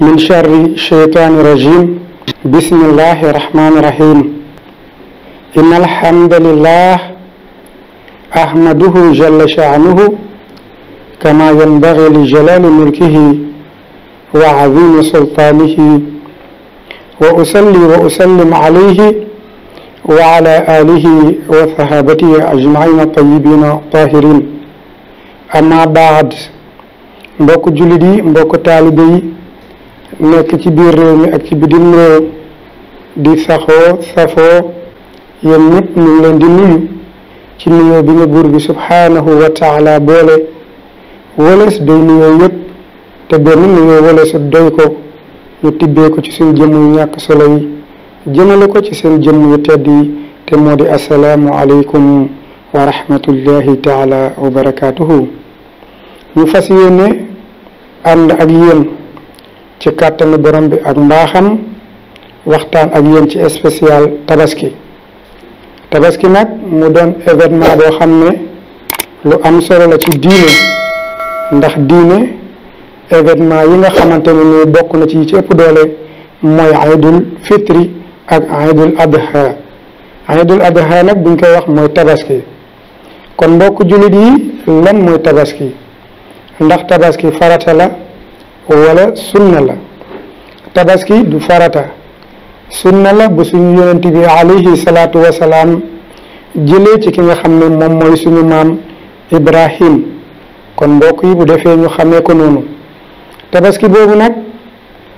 min charri sheytaani rajim bismillahi irrahmani irrahim in alhamdulillah ahmaduhu jalla sha'nuhu kama yanbaghi li jalali mulkihi wa azimi sultanihi wa usalli wa usallim alayhi wa ala alihi wa sahabatihi ajmaina tayyibina tahirin amma baad mbokk jullit yi mbokk taalibe yi nekk ci biir réew mi ak ci bitim réew di saxoo safoo yéen ñëpp ñu ngi leen di nuyu ci nuyoo bi nga buur bi subhaanahu wa taala boole walees doy nuyoo yëpp te benn nuyoo waleesut doy ko ñu tibbee ko ci seen jëmm yu ñàkk solo yi jëmale ko ci seen jëmm yu tedd te moo di asalaamu aleykum wa rahmatullahi taala wa barakaatuhu ñu fas yéene ànd ak yéen ci kàttanu borom bi ak mbaaxam waxtaan ak yéen ci spécial tabaski tabaski nag mu doon événement boo xam ne lu am solo la ci diine ndax diine événement yi nga xamante ne bokk na ci ci ëpp doole mooy aydul fitri ak aydul adha aydul adha nag buñ koy wax mooy tabaski kon mbokk jullit yi lan mooy tabaski ndax tabaski farata la wala sunna la tabaski du farata sunna la bu suñu yonent bi alayhi salaatu wasalaam jëlee ci ki nga xam ne moom mooy suñu maam ibrahim kon mbokk yi bu defee ñu xamee ko noonu tabaski boobu nag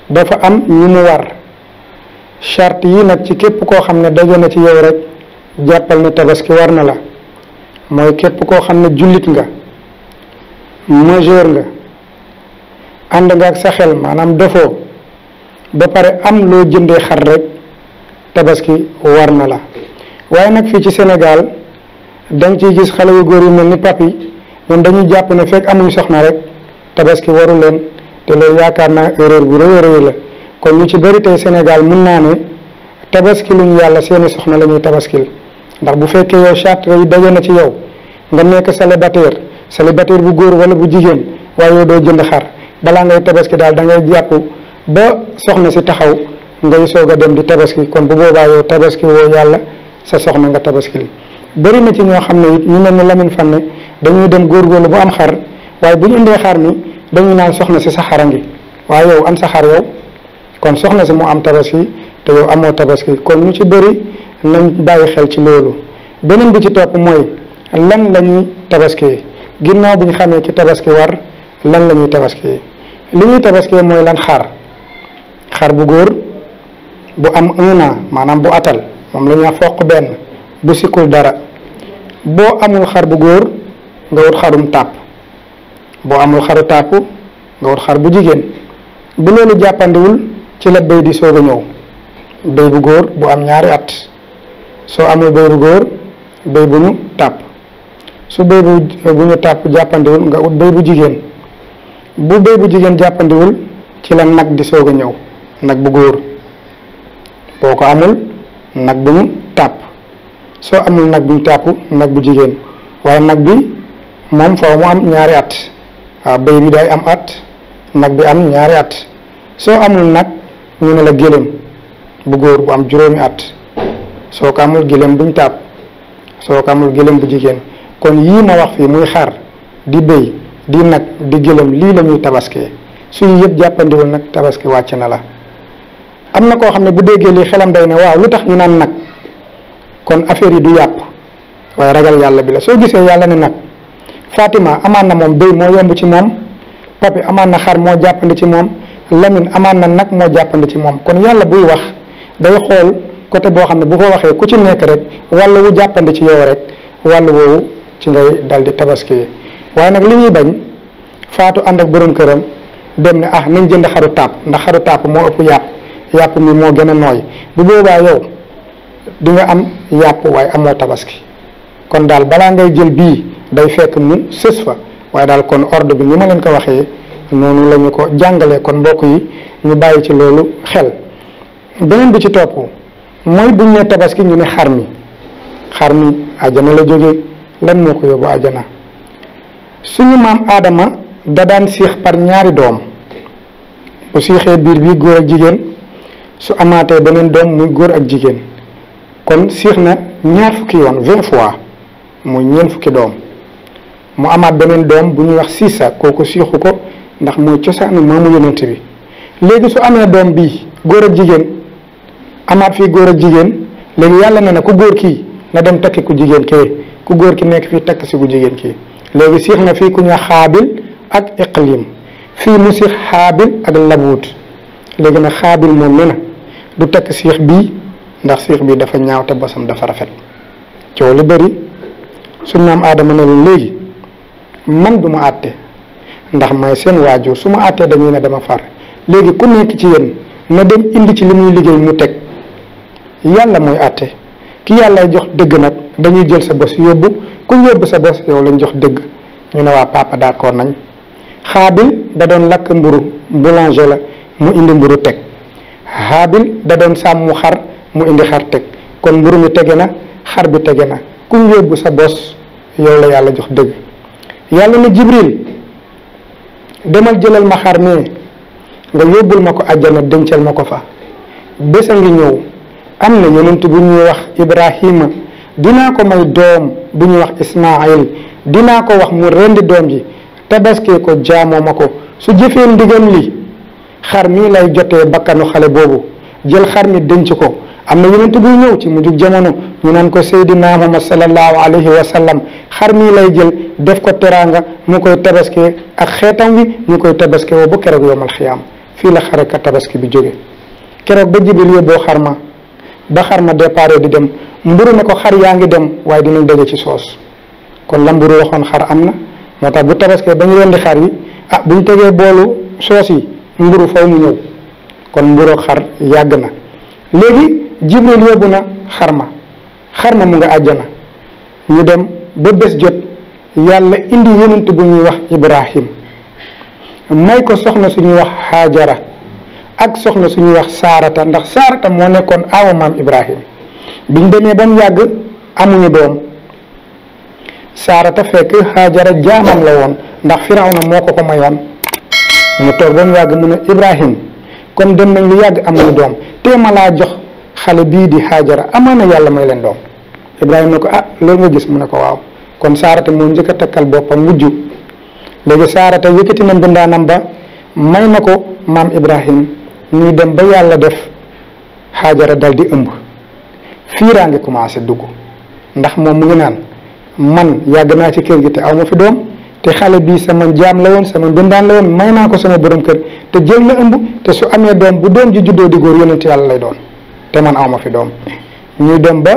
dafa am ñu mu war chart yi nag ci képp koo xam ne daje na ci yow rek jàppal ne tabaski war na la mooy képp koo xam ne jullit nga majeur nga ànd nga ak sa xel maanaam defoo ba pare am loo jëndee xar rek tabaski war na la waaye nag fii ci senegal dañ ciy gis xale yu góor yu mel ni papi ñun dañuy jàpp ne fekk amuñ soxna rek tabaski waru leen te loolu yaakaar naa erreur bu rëy a la kon ñu ci bëri tey Sénégal mun naa ne tabaski luñ yàlla seeni soxna la ñuy tabaskil ndax bu fekkee yow charte yi daje na ci yow nga nekk célibataire célibataire bu góor wala bu jigéen waaye doo jënd xar balaa ngay tabaski daal da ngay jàpp ba soxna si taxaw ngay soog a dem di tabaski kon bu boobaa yow tabaski woo yàlla sa soxna nga tabaski li bëri na ci ñoo xam ne it ñu mel ni Lamine Fane dem góorgóorlu bu am xar waaye bu ñu indee mi dañuy naan soxna si sa xarangi ngi waaye yow am sa xar yow kon soxna si mu am tabaski te yow amoo tabaski kon ñu ci bëri nañ bàyyi xel ci loolu beneen bi ci topp mooy lan la ñuy tabaski ginnaaw bi ñu xamee ci tabaski war lan la ñuy tabaski li ñuy tabaskee mooy lan xar xar bu góor bu am un maanaam bu atal moom la ñuy foq benn bu sikkul dara boo amul xar bu góor nga wut xarum tàpp boo amul xaru tàpp nga wut xar bu jigéen bu loolu jàppandiwul ci la béy di soog a ñëw béy bu góor bu am ñaari at soo amul béy bu góor béy bu ñu tàpp su béy bu bu ñu tàpp jàppandiwul nga ut béy bu jigéen bu béy bu jigéen jàppandiwul ci la nag di soog a ñëw nag bu góor boo ko amul nag bu mu soo amul nag bu ñu tàpp nag bu jigéen waaye nag bi moom faaw mu ñaari at waaw day am at nag bi am ñaari at soo amul nag ñu ne la gëléem bu góor bu am juróomi at soo ko amul gëléem buñ tàpp soo ko amul gëléem bu jigéen kon yii ma wax fii muy xar di béy di nag di gëlëm lii la ñuy tabaskee suñu yëpp jàppandiwul nag tabaski wàcc na la am na koo xam ne bu déggee lii xelam day ne waaw lu tax ñu naan nag kon affaire yi du yàpp waaye ragal yàlla bi la soo gisee yàlla ne nag Fatima amaan na moom béy moo yomb ci moom papi amaan na xar moo jàppandi ci moom Lamine amaan na nag moo jàppandi ci moom kon yàlla buy wax day xool côté boo xam ne bu ko waxee ku ci nekk rek wàll wu jàppandi ci yow rek wàll woowu ci ngay dal di tabaski waaye nag li ñuy bañ faatu ànd ak borom këram dem ne ah nañ jënd xaru tàpp ndax xaru tàpp moo ëpp yàpp yàpp mi moo gën a nooy bu boobaa yow di nga am yàpp waaye amoo tabaski kon daal balaa ngay jël bii day fekk mu sës fa waaye daal kon ordre bi ni ma leen ko waxee noonu la ko jàngale kon mbokk yi ñu bàyyi ci loolu xel beneen bi ci topp mooy buñ ne tabaski ñu ne xar mi xar mi ajana la jóge lan moo ko yóbbu ajana suñu maam aadama da daan siix par ñaari doom bu siixee biir bi góor ak jigéen su amaatee beneen doom muy góor ak jigéen kon siix na ñaar fukki yoon vingt fois muy ñeent fukki doom mu amaat beneen doom bu ñu wax siisa kooku siixu ko ndax mooy cosaanu maamu yonent bi léegi su amee doom bi góor ak jigéen amaat fii góor ak jigéen léegi yàlla ne na ku góor kii na dem takki ku jigéen kii ku góor ki nekk fii takk si ku jigéen ki léegi siix na fii ku ñu xaabil ak iqlim fii mu siix xaabil ak labuut léegi nag xaabil moom ne na du tekk siix bii ndax siix bii dafa ñaaw te bosam dafa rafet coow lu bëri suñ maam aadama ne leen léegi man du ma àtte ndax may seen waajur su ma àttee dañuy ne dama far léegi ku nekk ci yéen na dem indi ci li muy liggéey mu teg yàlla mooy àtte ki yàllay jox dëgg nag dañuy jël sa bos yóbbu ku yóbbu sa bos yow lañ jox dëgg ñu ne waa papa d'accord nañ xaabil da doon lakk mburu boulanger la mu indi mburu teg xaabil da doon sàmm xar mu indi xar teg kon mburu mi tege na xar bi tege na ku yóbbu sa bos yow la yàlla jox dëgg yàlla ne jibril demal jëlal ma xar mi nga yóbbul ma ko àjjana dencal ma ko fa bés a ngi ñëw am na yonent bu ñuy wax ibrahima dinaa ko may doom bu ñuy wax Ismaayil dinaa ko wax mu rendi doom ji tabaskee ko jaamoo ma ko su jëfee ndigam li xar mi lay jotee bakkanu xale boobu jël xar mi denc ko am na yonent buy ñëw ci mujjug jamono ñu naan ko Seydina Muhammad sallallahu alayhi wa sallam xar mii lay jël def ko teraanga mu koy tabaskee ak xeetam wi ñu koy tabaske woo ba keroog yowmal xiyaam fii la ka tabaski bi jóge keroog ba Jibril yóbboo xar ma ba xar ma déparé di dem mburu ne ko xar yaa ngi dem waaye dinañ daje ci soos kon la mburu waxoon xar am na moo tax bu tabaskee ba ñu rendi xar yi ah bu ñu tegee boolu soos yi mburu faw mu ñëw kon mburu xar yàgg na léegi jibril yóbbu na xar ma xar ma mu nga àjjana ñu dem ba bés jot yàlla indi yonent bu ñuy wax ibrahim may ko soxna suñuy wax xaajara ak soxna suñuy wax saarata ndax saarata moo nekkoon awa maam ibrahim biñ demee ba mu yàgg amuñu doom saarata fekk xaajara jaamam la woon ndax firawna moo ko ko mayoon mu toog ba mu yàgg mu ne Ibrahim comme dem nañ lu yàgg amuñu doom te ma laa jox xale bii di xaajara amaana yàlla may leen doom Ibrahim ne ko ah loolu nga gis mu ne ko waaw kon saarata moo njëkk a takkal boppam wujju léegi saarata yëkkati na mbindaanam ba may na ko maam Ibrahim ñuy dem ba yàlla def xaajara dal di ëmb fiiraa ngi commencé dugg ndax moom mu ngi naan man yàgg naa ci kër gi te aw fi doom te xale bii sama jaam la woon sama bindaan la woon may naa ko sama borom kër te jël na ëmb te su amee doom bu doom ji juddoo di góor yonent yàlla lay doon te man aw ma fi doom ñuy dem ba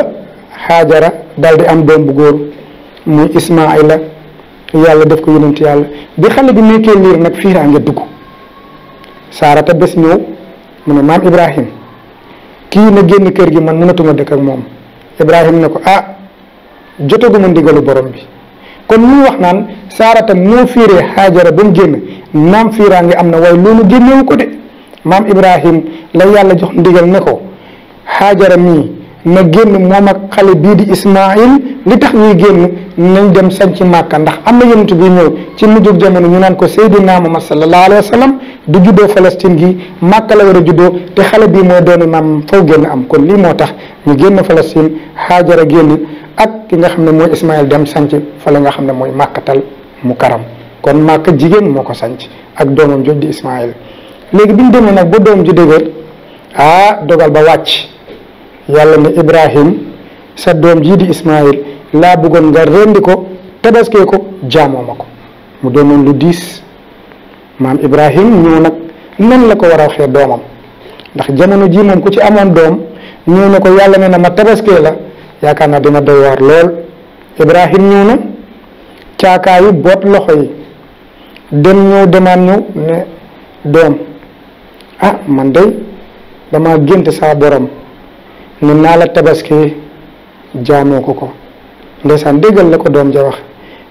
xaajara dal di am doom bu góor muy Ismaayla yàlla def ko yonent yàlla bi xale bi nekkee liir nag fiiraa nga dugg te bés ñëw mu ne maam Ibrahim kii na génn kër gi man mënatuma dëkk ak moom Ibrahim ne ko ah jotaguma ndigalu borom bi kon muy wax naan saarata moo fiiree xaajara ba mu génn naam fiiraa am na waaye loolu génnewu ko de maam Ibrahim la yàlla jox ndigal ne ko xaajara mii na génn moom ak xale bii di Ismail li tax ñuy génn nañ dem sañci màkka ndax am na yonent bu ñëw ci mujjug jamono ñu naan ko Seydina Muhammad sallallahu alayhi wa sallam du juddoo Palestine gi màkka la war a juddoo te xale bii moo doon maam génn am kon lii moo tax ñu génn Palestine Haajara génn ak ki nga xam ne mooy Ismaël dem sañc fa nga xam ne mooy màkkatal mu karam kon màkka jigéen moo ko sañc ak doomam jot di Ismaël léegi bi ñu demee nag ba doom ji dëgër ah dogal ba wàcc yàlla ne Ibrahim sa doom jii di Ismaël laa bëggoon nga rendi ko tabaskee ko jaamoo ma ko mu doonoon lu diis maam Ibrahim ñëw nag nan la ko war a waxee doomam ndax jamono ji moom ko ci amoon doom ñëw ko yàlla ne la yaakaar naa dina doy waar lool Ibrahim ñëw na loxo yi dem ñëw demaan ñëw doom ah man day dama gént saa borom ne naa la tabaskee jaamoo ko ko ndeysaan déggal la ko doom ja wax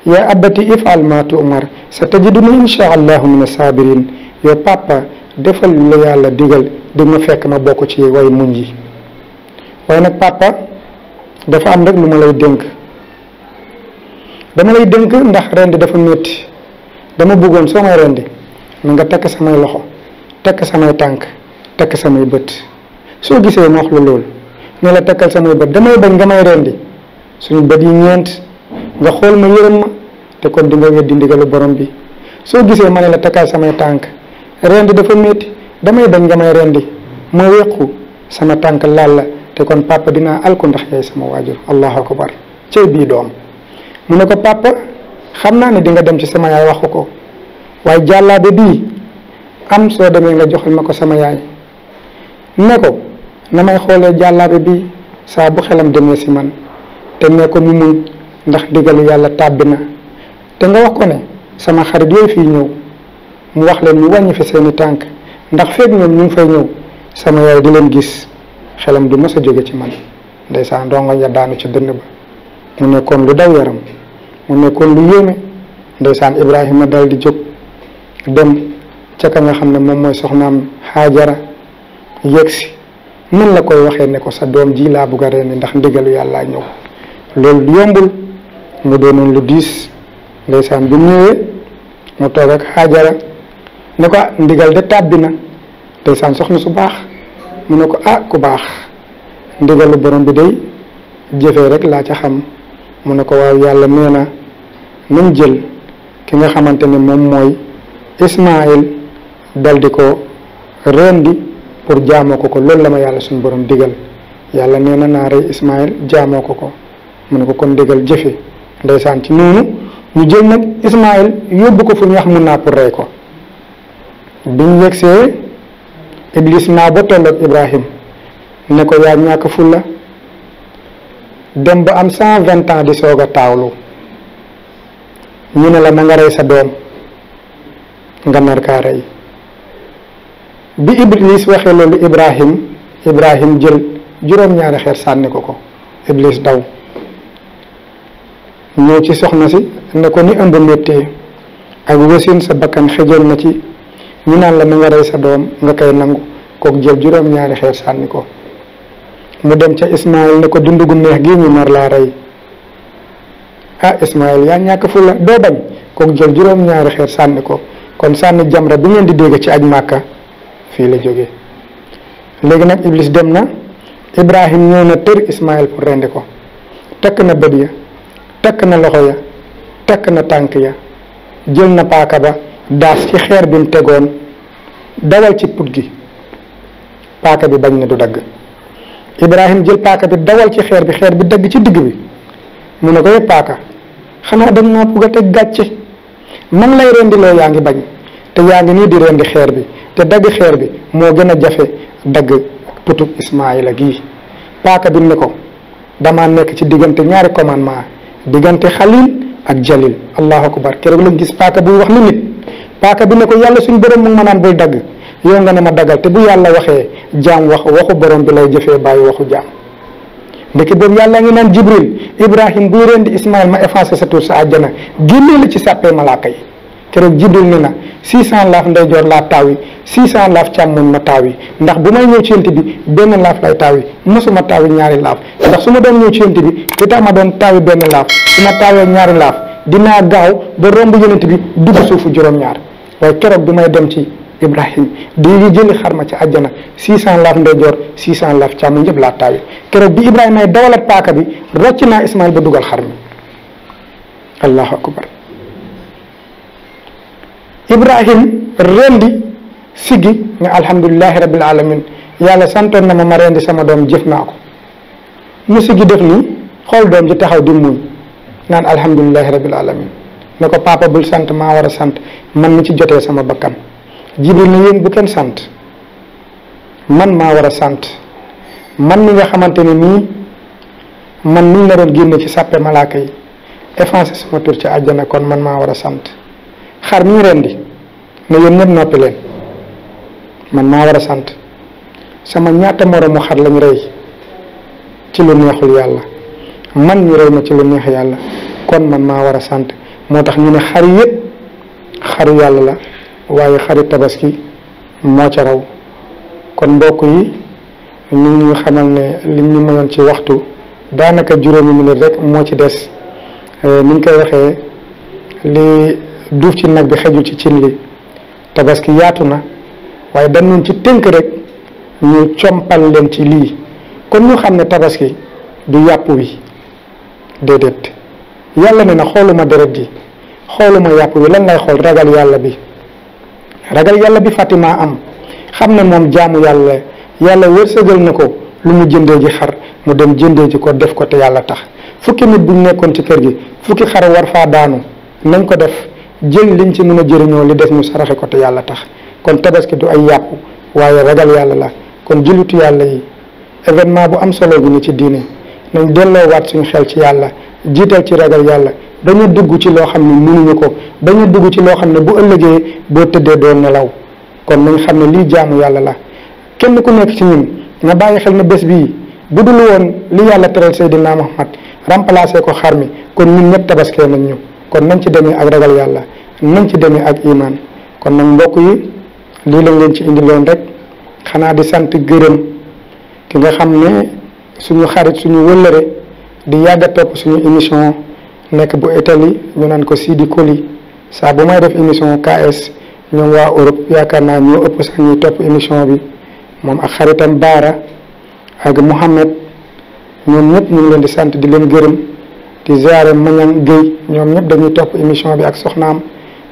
yaa abati ifal ma tu'mar sa tajiduna insha allahu min asabirin yow papa defal la yàlla digal di ma fekk ma bokk ci way muñ yi waaye nag papa dafa am rek lu ma lay dénk dama lay dénk ndax rendi dafa métti dama bëggoon soo may rendi na nga takk samay loxo takk samay tànk takk samay bët soo gisee ma wax la loolu ne la takkal samay bët damay bañ nga may rendi suñu bët yi ñeent nga xool ma yërëm ma te kon di nga weddi ndigalu borom bi soo gisee ma ne la takkaay samay tànk rend dafa métti damay bañ nga may rend ma wequ sama tànk laal la te kon papa dinaa alku ndax yaay sama waajur allahu akbar cey bii doom mu ne ko papa xam naa ne dinga dem ci sama yaay wax ko ko waaye jàllaabe bii am soo demee nga joxal ma ko sama yaay ne ko na may xoolee jàllaabe bii saa bu xelam demee si man te mee ko mu muñ ndax digalu yàlla tàbbi na te nga wax ko ne sama xarit yooyu fii ñëw mu wax leen ñu wàññi fi seeni tànk ndax feeg ñoom ñu ngi fay ñëw sama yaay di leen gis xelam du mës a jóge ci man ndeysaan ndongo ya daanu ci dënn ba mu nekkoon lu daw yaram mu nekkoon lu yéeme ndeysaan Ibrahima dal di jóg dem ca ka nga xam ne moom mooy soxnaam Haajara yegsi mën la koy waxee ne ko sa doom jii laa bugg a reeni ndax ndigalu yàllaa ñëw loolu du yombul mu doonoon lu diis ndeysaan bi mu ñëwee mu toog ak xaajara ne ko ndigal de tàbbi na ndeysaan soxna su baax mu ne ko ah ku baax ndigalu borom bi day jëfee rek laa ca xam mu ne ko waaw yàlla nee na nañ jël ki nga xamante ne moom mooy Ismaayil dal di ko rendi pour jaamoo ko ko loolu la ma yàlla suñu borom digal yàlla nee na naa rey Ismaayil jaamoo ko ko mu ne ko kon dégal jëfe ndeysaan ci noonu ñu jël nag Ismaël yóbbu ko fu ñuy wax mun naa rey ko biñ yegsee Iblis naa ba tolloog Ibrahim ne ko yaa ñàkk fulla dem ba am cent vingt ans di soog a taawlu ñu ne la na nga rey sa doom nga nar kaa rey bi Iblis waxee loolu Ibrahim Ibrahim jël juróom-ñaari xeer sànni ko ko Iblis daw ñëw ci soxna si ne ko ni ëmb méttee ak wasin sa bakkan xëjoon na ci ñu naan la na rey sa doom nga koy nangu kook jël juróom-ñaari xeer sànni ko mu dem ca Ismaël ne ko dund neex gi ñu nar laa rey ah Ismaël yaa kook jël juróom-ñaari sànni ko kon sànni jamra bi ngeen di dégg ci aj màkka fii la jóge léegi nag Iblis dem na Ibrahim ñëw na tër Ismaël pour rendi ko takk na bët ya takk na loxo ya takk na tànk ya jël na paaka ba daas ci xeer bi mu tegoon dawal ci put gi paaka bi bañ na du dagg Ibrahim jël paaka bi dawal ci xeer bi xeer bi dagg ci digg bi mu ne ko yëpp paaka xanaa dem naa bugg teg gàcce man lay rendiloo yaa ngi bañ te yaa ngi nii di rendi xeer bi te dagg xeer bi moo gën a jafe dagg putub Ismaayila gii paaka bi ne ko dama nekk ci diggante ñaari commandement diggante xalil ak jalil allahu akbar keroog lañ gis paaka buy wax lu nit paaka bi ne ko yàlla suñ borom mu ngi ma naan bul dagg yow nga ne ma daggal te bu yàlla waxee jaam wax waxu borom bi lay jëfee bàyyi waxu jaam ndeke boobu yàlla ngi naan jibril ibrahim buy rendi ismail ma effacé sa tur sa àjjana génnee la ci sàppee malaaka yi keroog jiddil ne na 600 laaf ndeyjoor laa taaw yi 600 laaf càmmoñ ma taaw yi ndax bu may ñëw ci bi benn laaf lay taaw yi mosuma taaw yi ñaari laaf ndax su ma doon ñëw ci yent bi li tax ma doon taaw yi benn laaf su ma taawee ñaari laaf dinaa gaaw ba romb yonent bi dugg suufu juróom-ñaar waaye keroog bi may dem ci Ibrahim di jëli xar ma ci àjjana 600 laaf ndeyjoor 600 laaf càmmoñ yëpp laa taawi keroog bi Ibrahima ay dawalat paaka bi rocc naa Ismaïl ba dugal xar mi Ibrahim rendi siggi ne alhamdulilahi rabil alamin yàlla santoon na ma ma rendi sama doom jëf naa ko mu siggi def nii xool doom ji taxaw di muñ naan alhamdulilahi rabil alamin ne ko papa bul sant maa war a sant man mi ci jotee sama bakkan jibril na yéen bu sant man maa war a sant man mi nga xamante ne nii man niñ la doon génne ci sàppe malaaka yi effacé sama tur ci àjjana kon man maa war a sant xar mi ñu rendi ne yéen ñëpp noppi leen man maa war a sant sama ñaata moroomu xar lañ rey ci lu neexul yàlla man ñu rey ma ci lu neex yàlla kon man maa war a sant moo tax ñu ne xar yëpp xaru yàlla la waaye xari tabaski moo ca raw kon mbokk yi ñu ñu xamal ne li ñu mayoon ci waxtu daanaka juróomi minute rek moo ci des eh, ni ñu koy waxee li duuf ci nag bi xeju ci cin li tabaski yaatu na waaye dañ ci tënk rek ñu compal leen ci lii kon ñu xam ne tabaski du yàpp wi déedéet yàlla ne na xooluma deret ji xooluma yàpp wi lan lay xool ragal yàlla bi ragal yàlla bi naa am xam ne moom jaamu yàlla yàlla wërsëgal na ko lu mu jëndee ji xar mu dem jëndee ji ko def ko te yàlla tax fukki nit buñ nekkoon ci kër gi fukki xar war faa daanu nañ ko def jël liñ ci mën a jëriñoo li des ñu saraxe ko te yàlla tax kon tabaski du ay yàpp waaye ragal yàlla la kon jullitu yàlla yi événement bu am solo gi ni ci diine nañ waat suñu xel ci yàlla jiital ci ragal yàlla dañu dugg ci loo xam ne mënuñu ko dañu dugg ci loo xam ne bu ëllëgee boo tëddee doo nelaw kon nañ xam ne lii jaamu yàlla la kenn ku nekk ci ñun nga bàyyi xel ne bés bii bu dul woon li yàlla teral Seydina Muhammad remplacé ko xar mi kon ñun ñëpp tabaskee nañ ñu kon nañ ci demee ak ragal yàlla nañ ci demee ak imaan kon nag mbokk yi lii lañ leen ci indiloon rek xanaa di sant gërëm ki nga xam ne suñu xarit suñu wëllëre di yàgg topp suñu émission nekk bu Italie ñu naan ko di Koli saa bu may def émission KS ñoom waa Europe yaakaar naa ñoo ëpp sax ñuy topp émission bi moom ak xaritam Baara ak Mouhamed ñoom ñëpp ñu leen di sant di leen gërëm. di ziare Mañang Guèye ñoom ñëpp dañuy topp émission bi ak soxnaam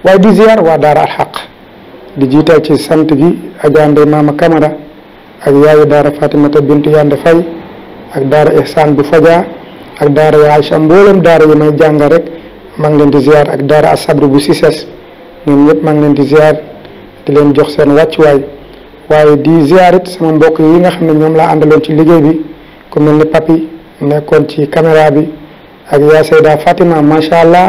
waaye di ziar waa Daara Alxaq di jiital ci sant gi Adja Ndeye Mama Camara ak yaayu Daara Fatimata Bintu Yande Faye ak Daara Ihsan bu Fadia ak Daara ya Aïcha mboolem Daara yi may jàngal rek maa ngi leen di ziar ak Daara Asabru bu Sises ñoom ñëpp maa ngi leen di ziar di leen jox seen wàccuwaay waaye di ziar it sama mbokk yi nga xam ne ñoom laa àndaloon ci liggéey bi ku mel ni papi nekkoon ci caméra bi. ak yaa sayda Fatima macha allah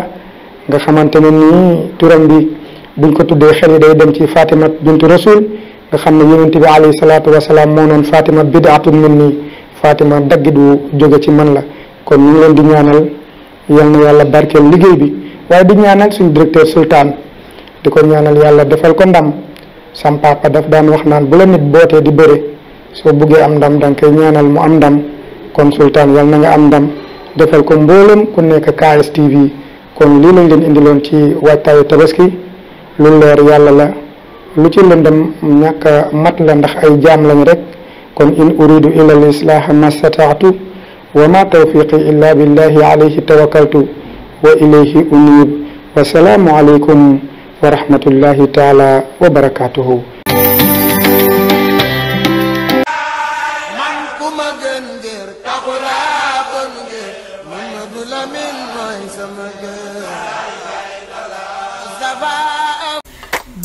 nga xamante ne nii turam bi buñ ko tuddee xel yi day dem ci Fatima bintu rasul nga xam ne yonente bi alayhi salaatu wasalaam moo noon Fatima bidaatun min nii Fatima daggit du jóge ci man la kon ñu leen di ñaanal yal na yàlla barkeel liggéey bi waaye di ñaanal suñu directeur sultaan di ko ñaanal yàlla defal ko ndam sam papa daf daan wax naan bu la nit bootee di bëre soo buggee am ndam danga koy ñaanal mu am ndam kon sultaan yal na nga am ndam defal ko mboolem ku nekk KS TV kon lii lañ leen indiloon ci waajtaayu tabaski lu leer yàlla la lu ci lëndëm ñàkk mat la ndax ay jaam lañ rek kon in uridu ila al islaaha ma stataatu wa ma tawfiqi illa billahi alayhi tawakkaltu wa ilayhi unib wa salaamu alaykum wa